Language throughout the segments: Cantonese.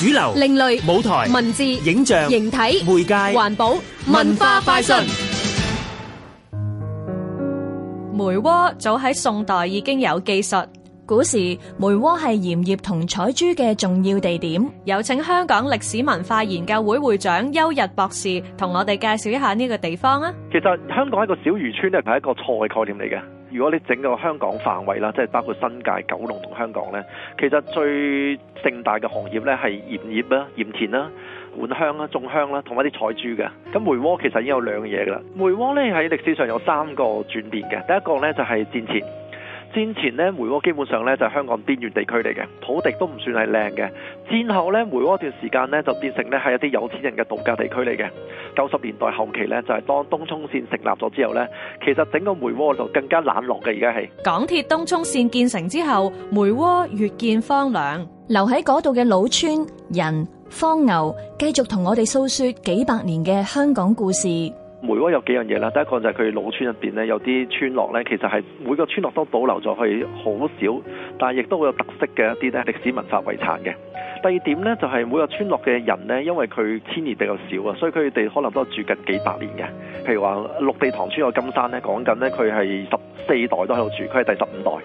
主流、另類、舞台、文字、影像、形體、媒介、環保、文化快訊。梅窩早喺宋代已經有技術。古時梅窩係鹽業同採珠嘅重要地點，有請香港歷史文化研究會會長邱逸博士同我哋介紹一下呢個地方啊。其實香港係一個小漁村咧，係一個錯嘅概念嚟嘅。如果你整個香港範圍啦，即係包括新界、九龍同香港咧，其實最盛大嘅行業咧係鹽業啦、鹽田啦、莞香啦、種香啦，同一啲採珠嘅。咁梅窩其實已經有兩個嘢噶啦。梅窩咧喺歷史上有三個轉變嘅，第一個咧就係戰前。戰前咧梅窩基本上咧就係香港邊緣地區嚟嘅，土地都唔算係靚嘅。戰後咧梅窩一段時間咧就變成咧係一啲有錢人嘅度假地區嚟嘅。九十年代後期咧就係當東涌線成立咗之後咧，其實整個梅窩就更加冷落嘅。而家係港鐵東涌線建成之後，梅窩越見荒涼，留喺嗰度嘅老村人、荒牛繼續同我哋訴說幾百年嘅香港故事。梅窩有幾樣嘢啦，第一個就係佢老村入邊咧，有啲村落咧，其實係每個村落都保留咗佢好少，但係亦都會有特色嘅一啲咧歷史文化遺產嘅。第二點咧，就係每個村落嘅人咧，因為佢遷移比較少啊，所以佢哋可能都係住緊幾百年嘅。譬如話綠地塘村個金山咧，講緊咧佢係十四代都喺度住，佢係第十五代。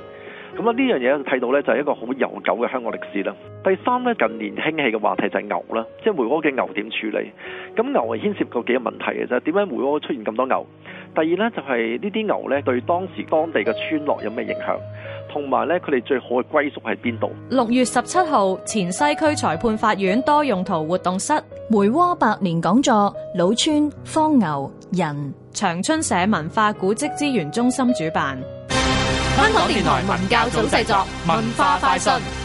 咁啊，呢樣嘢睇到咧，就係一個好悠久嘅香港歷史啦。第三咧，近年興起嘅話題就係牛啦，即係梅窩嘅牛點處理。咁牛係牽涉過幾個問題嘅啫，點解梅窩出現咁多牛？第二咧，就係呢啲牛咧，對當時當地嘅村落有咩影響，同埋咧，佢哋最好嘅歸屬喺邊度？六月十七號，前西區裁判法院多用途活動室梅窩百年講座：老村荒牛人，長春社文化古蹟資源中心主辦。香港電台文教組製作，文化快訊。